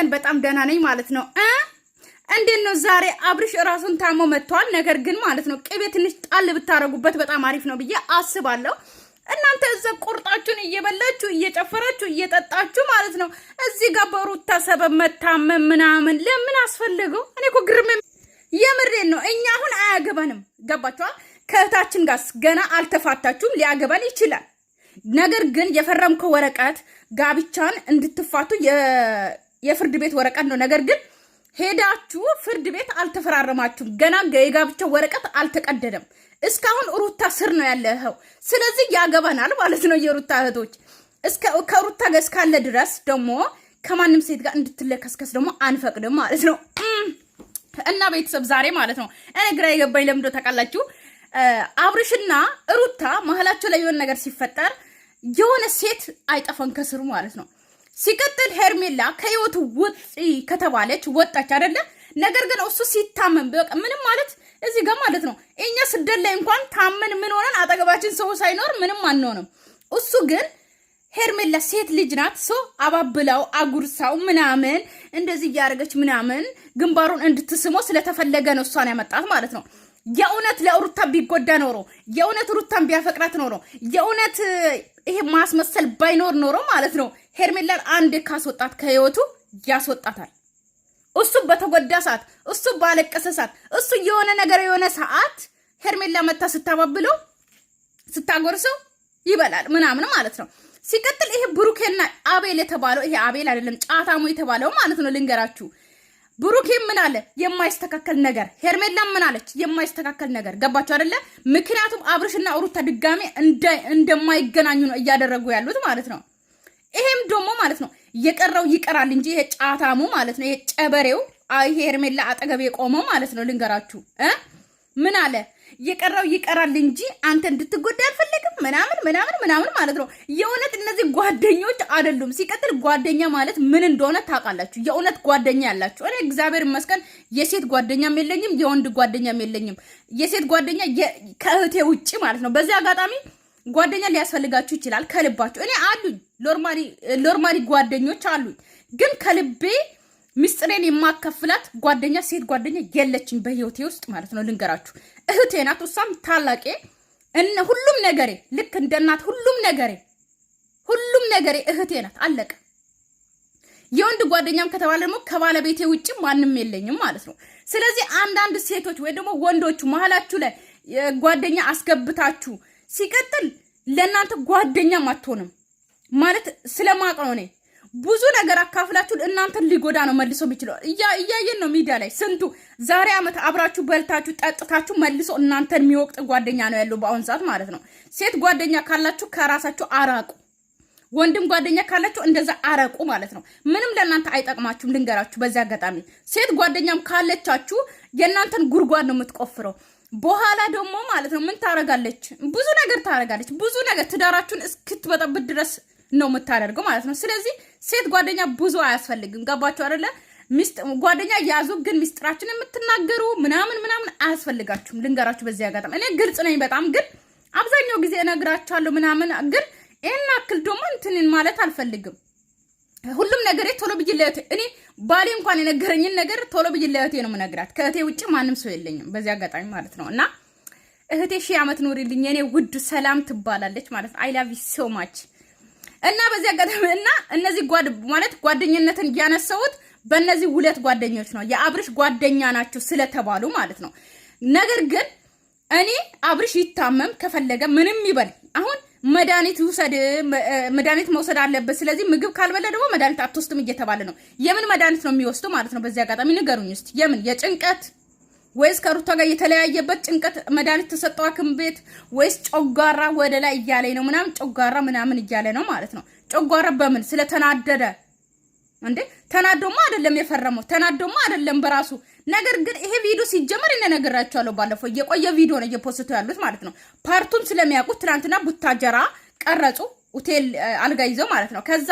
ቀን በጣም ደህና ነኝ ማለት ነው። እንዴት ነው ዛሬ አብርሽ እራሱን ታሞ መጥቷል። ነገር ግን ማለት ነው ቅቤ ትንሽ ጣል ብታረጉበት በጣም አሪፍ ነው ብዬ አስባለሁ። እናንተ እዛ ቁርጣችሁን እየበላችሁ እየጨፈራችሁ እየጠጣችሁ ማለት ነው እዚህ ጋር በሩታ ሰበብ መታመም ምናምን ለምን አስፈልገው? እኔ እኮ ግርም የምሬን ነው። እኛ አሁን አያገባንም። ገባችኋል? ከእህታችን ጋር ገና አልተፋታችሁም። ሊያገባን ይችላል። ነገር ግን የፈረምከው ወረቀት ጋብቻን እንድትፋቱ የፍርድ ቤት ወረቀት ነው። ነገር ግን ሄዳችሁ ፍርድ ቤት አልተፈራረማችሁም። ገና የጋብቻው ወረቀት አልተቀደደም። እስካሁን ሩታ ስር ነው ያለው። ስለዚህ ያገባናል ማለት ነው። የሩታ እህቶች ከሩታ ጋር እስካለ ድረስ ደግሞ ከማንም ሴት ጋር እንድትለከስከስ ደግሞ አንፈቅድም ማለት ነው። እና ቤተሰብ ዛሬ ማለት ነው እኔ ግራ የገባኝ ለምዶ ታውቃላችሁ፣ አብርሽና ሩታ መሀላቸው ላይ የሆነ ነገር ሲፈጠር የሆነ ሴት አይጠፈን ከስሩ ማለት ነው። ሲቀጥል ሄርሜላ ከህይወቱ ውጪ ከተባለች ወጣች አደለ። ነገር ግን እሱ ሲታመን በቃ ምንም ማለት እዚህ ጋር ማለት ነው። እኛ ስደት ላይ እንኳን ታመን ምን ሆነን አጠገባችን ሰው ሳይኖር ምንም አንሆንም። እሱ ግን ሄርሜላ ሴት ልጅ ናት። ሰው አባብላው አጉርሳው ምናምን እንደዚህ እያደረገች ምናምን ግንባሩን እንድትስሞ ስለተፈለገ ነው እሷን ያመጣት ማለት ነው። የእውነት ለሩታ ቢጎዳ ኖሮ የእውነት ሩታን ቢያፈቅራት ኖሮ የእውነት ይሄ ማስመሰል ባይኖር ኖሮ ማለት ነው ሄርሜላን አንድ ካስወጣት ከህይወቱ ያስወጣታል። እሱ በተጎዳ ሰዓት፣ እሱ ባለቀሰ ሰዓት፣ እሱ የሆነ ነገር የሆነ ሰዓት ሄርሜላ መታ ስታባብለው ስታጎርሰው ይበላል ምናምን ማለት ነው። ሲቀጥል ይሄ ብሩኬና አቤል የተባለው ይሄ አቤል አይደለም ጫታሙ የተባለው ማለት ነው ልንገራችሁ ብሩክ ምን አለ? የማይስተካከል ነገር። ሄርሜላ ምን አለች? የማይስተካከል ነገር። ገባችሁ አይደለ? ምክንያቱም አብርሽና ሩታ ድጋሜ እንደማይገናኙ ነው እያደረጉ ያሉት ማለት ነው። ይሄም ደግሞ ማለት ነው የቀረው ይቀራል እንጂ ይሄ ጫታሙ ማለት ነው ይሄ ጨበሬው ይሄ ሄርሜላ አጠገብ የቆመው ማለት ነው። ልንገራችሁ ምን አለ የቀረው ይቀራል እንጂ አንተ እንድትጎዳ አልፈልግም ምናምን ምናምን ምናምን ማለት ነው። የእውነት እነዚህ ጓደኞች አይደሉም። ሲቀጥል ጓደኛ ማለት ምን እንደሆነ ታውቃላችሁ? የእውነት ጓደኛ ያላችሁ እኔ እግዚአብሔር ይመስገን የሴት ጓደኛም የለኝም፣ የወንድ ጓደኛም የለኝም። የሴት ጓደኛ ከእህቴ ውጭ ማለት ነው። በዚህ አጋጣሚ ጓደኛ ሊያስፈልጋችሁ ይችላል። ከልባችሁ እኔ አሉኝ፣ ኖርማሊ ጓደኞች አሉኝ፣ ግን ከልቤ ምስጢሬን የማከፍላት ጓደኛ ሴት ጓደኛ የለችኝ በህይወቴ ውስጥ ማለት ነው። ልንገራችሁ፣ እህቴ ናት። እሷም ታላቄ እነ ሁሉም ነገሬ ልክ እንደ እናት ሁሉም ነገሬ ሁሉም ነገሬ እህቴ ናት። አለቀ። የወንድ ጓደኛም ከተባለ ደግሞ ከባለቤቴ ውጭ ማንም የለኝም ማለት ነው። ስለዚህ አንዳንድ ሴቶች ወይ ደግሞ ወንዶቹ መሀላችሁ ላይ ጓደኛ አስገብታችሁ ሲቀጥል ለእናንተ ጓደኛም አትሆንም ማለት ስለማቅ ነው እኔ ብዙ ነገር አካፍላችሁ እናንተን ሊጎዳ ነው መልሶ የሚችለው። እያየን ነው ሚዲያ ላይ ስንቱ ዛሬ ዓመት አብራችሁ በልታችሁ ጠጥታችሁ መልሶ እናንተን የሚወቅጥ ጓደኛ ነው ያለው በአሁን ሰዓት ማለት ነው። ሴት ጓደኛ ካላችሁ ከራሳችሁ አራቁ። ወንድም ጓደኛ ካላችሁ እንደዛ አረቁ ማለት ነው። ምንም ለእናንተ አይጠቅማችሁም። ልንገራችሁ በዚህ አጋጣሚ ሴት ጓደኛም ካለቻችሁ የእናንተን ጉድጓድ ነው የምትቆፍረው። በኋላ ደግሞ ማለት ነው ምን ታረጋለች? ብዙ ነገር ታረጋለች። ብዙ ነገር ትዳራችሁን እስክትበጠብት ድረስ ነው የምታደርገው ማለት ነው። ስለዚህ ሴት ጓደኛ ብዙ አያስፈልግም። ገባችሁ አይደለ? ጓደኛ ያዙ፣ ግን ሚስጥራችን የምትናገሩ ምናምን ምናምን አያስፈልጋችሁም። ልንገራችሁ በዚህ አጋጣሚ እኔ ግልጽ ነኝ በጣም ግን አብዛኛው ጊዜ እነግራችኋለሁ ምናምን፣ ግን ይህን አክል ደግሞ እንትንን ማለት አልፈልግም። ሁሉም ነገሬ ቶሎ ብዬ ለእህቴ እኔ ባሌ እንኳን የነገረኝን ነገር ቶሎ ብዬ ለእህቴ ነው የምነግራት። ከእህቴ ውጭ ማንም ሰው የለኝም በዚህ አጋጣሚ ማለት ነው። እና እህቴ ሺህ ዓመት ኑሪልኝ የኔ ውድ ሰላም ትባላለች ማለት አይ ላቭ ዩ ሶ ማች እና በዚህ አጋጣሚ እና እነዚህ ጓድ ማለት ጓደኝነትን እያነሳሁት በእነዚህ ሁለት ጓደኞች ነው የአብርሽ ጓደኛ ናቸው ስለተባሉ ማለት ነው። ነገር ግን እኔ አብርሽ ይታመም ከፈለገ ምንም ይበል አሁን መድኃኒት ውሰድ፣ መድኃኒት መውሰድ አለበት። ስለዚህ ምግብ ካልበለ ደግሞ መድኃኒት አትወስድም እየተባለ ነው። የምን መድኃኒት ነው የሚወስዱ ማለት ነው? በዚህ አጋጣሚ ንገሩኝ ውስጥ የምን የጭንቀት ወይስ ከሩታ ጋር የተለያየበት ጭንቀት መድኃኒት ተሰጠው ሐኪም ቤት ወይስ ጮጋራ ወደ ላይ እያለ ነው ምናምን ጮጋራ ምናምን እያለ ነው ማለት ነው። ጮጋራ በምን ስለተናደደ እንዴ? ተናዶማ አይደለም የፈረመው ተናዶማ አይደለም በራሱ ነገር ግን ይሄ ቪዲዮ ሲጀመር እነግራቸዋለሁ። ባለፈው የቆየ ቪዲዮ ነው እየፖስቱ ያሉት ማለት ነው። ፓርቱን ስለሚያውቁት ትናንትና ቡታጀራ ቀረጹ፣ ሆቴል አልጋ ይዘው ማለት ነው። ከዛ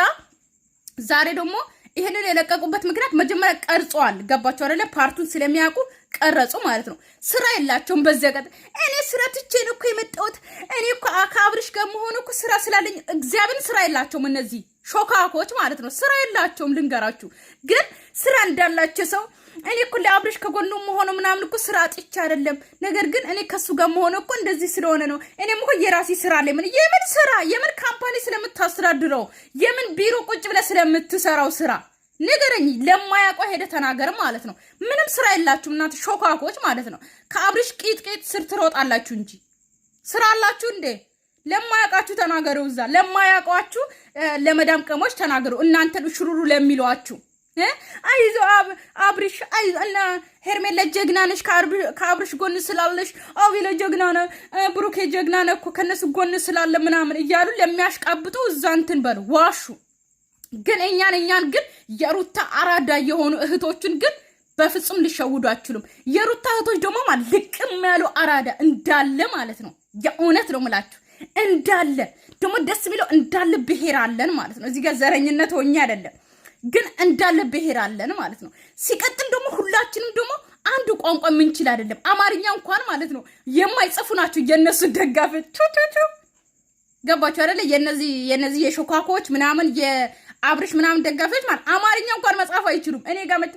ዛሬ ደግሞ ይሄንን የለቀቁበት ምክንያት መጀመሪያ ቀርጿል። ገባቸው አይደለ? ፓርቱን ስለሚያውቁ ቀረጹ ማለት ነው። ስራ የላቸውም። በዚያ ቀጥ እኔ ስራ ትቼን እኮ የመጣሁት እኔ እኮ ከአብርሽ ጋር መሆኑ እኮ ስራ ስላለኝ እግዚአብሔር ስራ የላቸውም። እነዚህ ሾካኮች ማለት ነው። ስራ የላቸውም። ልንገራችሁ ግን ስራ እንዳላቸው ሰው እኔ እኮ ለአብርሽ ከጎኑ መሆኑ ምናምን እኮ ስራ አጥቼ አይደለም። ነገር ግን እኔ ከሱ ጋር መሆን እኮ እንደዚህ ስለሆነ ነው። እኔም እኮ የራሴ ስራ አለ። ምን የምን ስራ የምን ካምፓኒ ስለምታስተዳድረው የምን ቢሮ ቁጭ ብለ ስለምትሰራው ስራ ንገረኝ። ለማያውቀው ሄደ ተናገር ማለት ነው። ምንም ስራ የላችሁም እናንተ ሾካኮች ማለት ነው። ከአብርሽ ቂጥ ቂጥ ስር ትሮጣላችሁ እንጂ ስራ አላችሁ እንዴ? ለማያውቃችሁ ተናገሩ። እዛ ለማያውቋችሁ ለመዳም ቀሞች ተናገሩ። እናንተ ሽሩሩ ለሚሏችሁ አይዞ አብርሽ አይዞ እና ሄርሜላ ጀግና ነሽ፣ ከአብርሽ ጎን ስላለሽ፣ አቤላ ጀግና ብሩኬ ጀግና ነው እኮ ከነሱ ጎን ስላለ ምናምን እያሉ ለሚያሽቃብጡ እዛ እንትን በሉ ዋሹ። ግን እኛን እኛን ግን የሩታ አራዳ የሆኑ እህቶችን ግን በፍጹም ልሸውዱ አችሉም። የሩታ እህቶች ደግሞ ማለት ልቅም ያሉ አራዳ እንዳለ ማለት ነው። የእውነት ነው ምላችሁ እንዳለ ደግሞ ደስ የሚለው እንዳለ ብሄር አለን ማለት ነው። እዚህ ጋር ዘረኝነት ሆኜ አይደለም፣ ግን እንዳለ ብሄር አለን ማለት ነው። ሲቀጥል ደግሞ ሁላችንም ደግሞ አንድ ቋንቋ የምንችል አይደለም። አማርኛ እንኳን ማለት ነው የማይጽፉ ናቸው የእነሱ ደጋፊ ገባቸው አይደለ? የነዚህ የሾካኮች ምናምን አብርሽ ምናምን ደጋፊዎች ማለት አማርኛ እንኳን መጽሐፍ አይችሉም። እኔ ጋር መጥ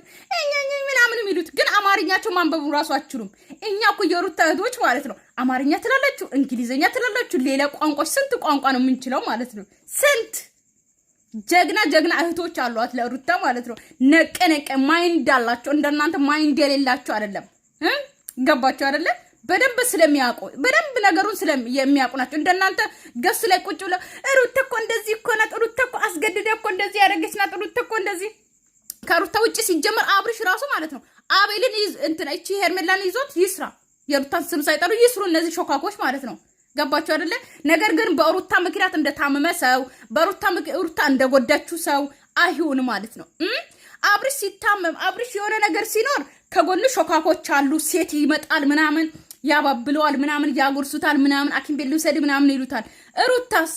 ምናምን የሚሉት ግን አማርኛቸው ማንበቡ ራሱ አይችሉም። እኛ እኮ የሩታ እህቶች ማለት ነው አማርኛ ትላላችሁ፣ እንግሊዝኛ ትላላችሁ፣ ሌላ ቋንቋች ስንት ቋንቋ ነው የምንችለው ማለት ነው። ስንት ጀግና ጀግና እህቶች አሏት ለሩታ ማለት ነው። ነቀ ነቀ ማይንድ አላቸው። እንደናንተ ማይንድ የሌላቸው አይደለም። ገባቸው አይደለም በደንብ ስለሚያውቁ በደንብ ነገሩን ስለሚያውቁ ናቸው። እንደናንተ ገስ ላይ ቁጭ ብለ ሩታ እኮ እንደዚህ እኮ ናት፣ ሩታ እኮ አስገድደ እኮ እንደዚህ ያደረገች ናት፣ ሩታ እኮ እንደዚህ ከሩታ ውጭ ሲጀመር አብርሽ ራሱ ማለት ነው አቤልን እንትን እቺ ሄርሜላን ይዞት ይስራ የሩታን ስም ሳይጠሩ ይስሩ እነዚህ ሾካኮች ማለት ነው። ገባችሁ አይደለ? ነገር ግን በሩታ ምክንያት እንደታመመ ሰው በሩታ ሩታ እንደጎዳችሁ ሰው አይሁን ማለት ነው። አብርሽ ሲታመም አብርሽ የሆነ ነገር ሲኖር ከጎን ሾካኮች አሉ፣ ሴት ይመጣል ምናምን ያባብለዋል፣ ምናምን ያጎርሱታል፣ ምናምን አኪም ቤት ልውሰድ ምናምን ይሉታል። ሩታስ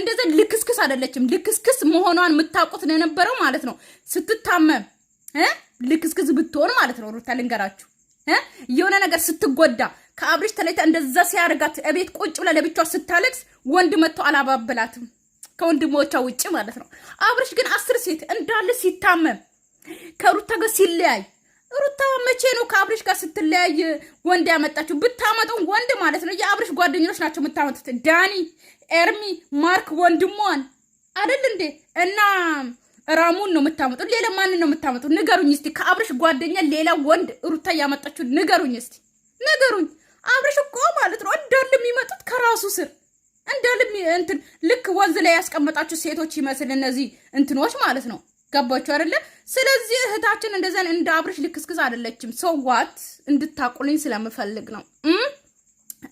እንደዚህ ልክስክስ አይደለችም። ልክስክስ መሆኗን የምታውቁት ለነበረው ማለት ነው ስትታመም ልክስክስ ብትሆን ማለት ነው። ሩታ ልንገራችሁ የሆነ ነገር ስትጎዳ ከአብሪሽ ተለይታ እንደዛ ሲያደርጋት እቤት ቁጭ ብላ ለብቻዋ ስታለቅስ ወንድ መጥቶ አላባብላትም ከወንድሞቿ ውጭ ማለት ነው። አብሪሽ ግን አስር ሴት እንዳለ ሲታመም ከሩታ ጋር ሲለያይ ሩታ መቼ ነው ከአብሪሽ ጋር ስትለያይ ወንድ ያመጣችሁ? ብታመጡን ወንድ ማለት ነው የአብሪሽ ጓደኞች ናቸው የምታመጡት። ዳኒ፣ ኤርሚ፣ ማርክ ወንድሟን አደል እንዴ? እና ራሙን ነው የምታመጡት። ሌላ ማንን ነው የምታመጡት? ንገሩኝ እስቲ። ከአብሪሽ ጓደኛ ሌላ ወንድ ሩታ ያመጣችሁ ንገሩኝ እስቲ፣ ንገሩኝ። አብሪሽ እኮ ማለት ነው እንዳለ የሚመጡት ከራሱ ስር እንዳለ እንትን ልክ ወንዝ ላይ ያስቀመጣችሁ ሴቶች ይመስል እነዚህ እንትኖች ማለት ነው ገባችሁ አይደለ? ስለዚህ እህታችን እንደዘን እንደ አብርሽ ልክስክስ አይደለችም። ሰዋት እንድታቁልኝ ስለምፈልግ ነው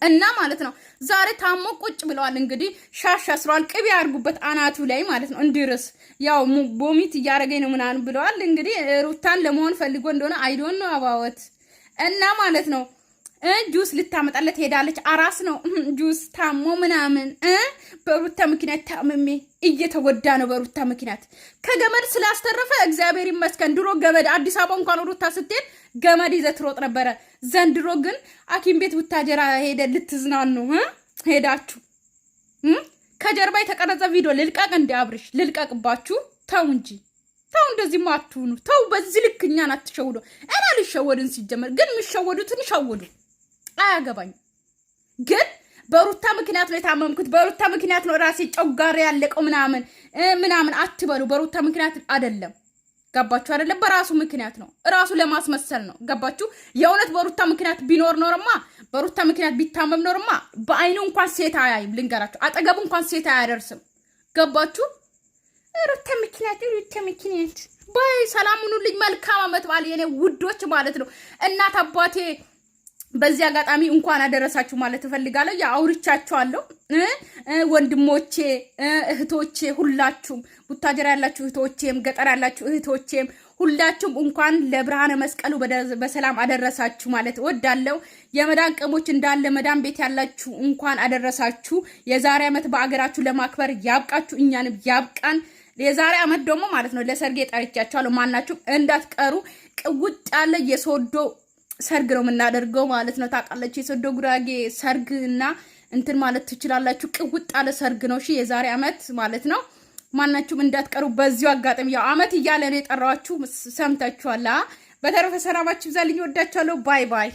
እና ማለት ነው ዛሬ ታሞ ቁጭ ብለዋል። እንግዲህ ሻሽ አስሯል ቅቤ ያርጉበት አናቱ ላይ ማለት ነው እንዲርስ ያው ቦሚት እያደረገኝ ነው ምናምን ብለዋል። እንግዲህ ሩታን ለመሆን ፈልጎ እንደሆነ አይዶን ነው አባወት እና ማለት ነው ጁስ ልታመጣለት ሄዳለች። አራስ ነው ጁስ ታሞ ምናምን በሩታ ምክንያት ታምሜ እየተጎዳ ነው። በሩታ ምክንያት ከገመድ ስላስተረፈ እግዚአብሔር ይመስገን። ድሮ ገመድ አዲስ አበባ እንኳን ሩታ ስትሄድ ገመድ ይዘት ሮጥ ነበረ። ዘንድሮ ግን ሐኪም ቤት ውታጀራ ሄደ ልትዝናኑ ሄዳችሁ ከጀርባ የተቀረጸ ቪዲዮ ልልቀቅ እንደ አብርሽ ልልቀቅባችሁ። ተው እንጂ ተው፣ እንደዚህ አትሁኑ። ተው በዚህ ልክ እኛን አትሸውዶ። እና ልሸወድን ሲጀመር ግን የሚሸወዱትን ሸውዱ። አያገባኝ። ግን በሩታ ምክንያት ነው የታመምኩት፣ በሩታ ምክንያት ነው ራሴ ጨጓራ ያለቀው ምናምን ምናምን አትበሉ። በሩታ ምክንያት አይደለም። ገባችሁ አይደለም? በራሱ ምክንያት ነው። ራሱ ለማስመሰል ነው። ገባችሁ? የእውነት በሩታ ምክንያት ቢኖር ኖርማ፣ በሩታ ምክንያት ቢታመም ኖርማ በአይኑ እንኳን ሴት አያይም። ልንገራችሁ፣ አጠገቡ እንኳን ሴት አያደርስም። ገባችሁ? ሩታ ምክንያት ሩታ ምክንያት ባይ ሰላሙኑ ልጅ መልካም አመት በዓል የኔ ውዶች ማለት ነው እናት አባቴ በዚህ አጋጣሚ እንኳን አደረሳችሁ ማለት እፈልጋለሁ። ያ አውርቻችኋለሁ። ወንድሞቼ እህቶቼ፣ ሁላችሁም ቡታጀራ ያላችሁ እህቶቼም፣ ገጠር ያላችሁ እህቶቼም ሁላችሁም እንኳን ለብርሃነ መስቀሉ በሰላም አደረሳችሁ ማለት እወዳለሁ። የመዳን ቀሞች እንዳለ መዳን ቤት ያላችሁ እንኳን አደረሳችሁ። የዛሬ ዓመት በአገራችሁ ለማክበር ያብቃችሁ፣ እኛንም ያብቃን። የዛሬ ዓመት ደግሞ ማለት ነው ለሰርጌ ጠርቻችኋለሁ። ማናችሁም እንዳትቀሩ። ቅውጥ ያለ የሶዶ ሰርግ ነው የምናደርገው ማለት ነው። ታውቃለች የሶዶ ጉራጌ ሰርግ እና እንትን ማለት ትችላላችሁ። ቅውጥ ያለ ሰርግ ነው። እሺ የዛሬ አመት ማለት ነው። ማናችሁም እንዳትቀሩ በዚሁ አጋጣሚ ያው አመት እያለ ነው የጠራዋችሁ። ሰምታችኋላ። በተረፈ ሰላማችሁ ይብዛልኝ። ወዳችኋለሁ። ባይ ባይ።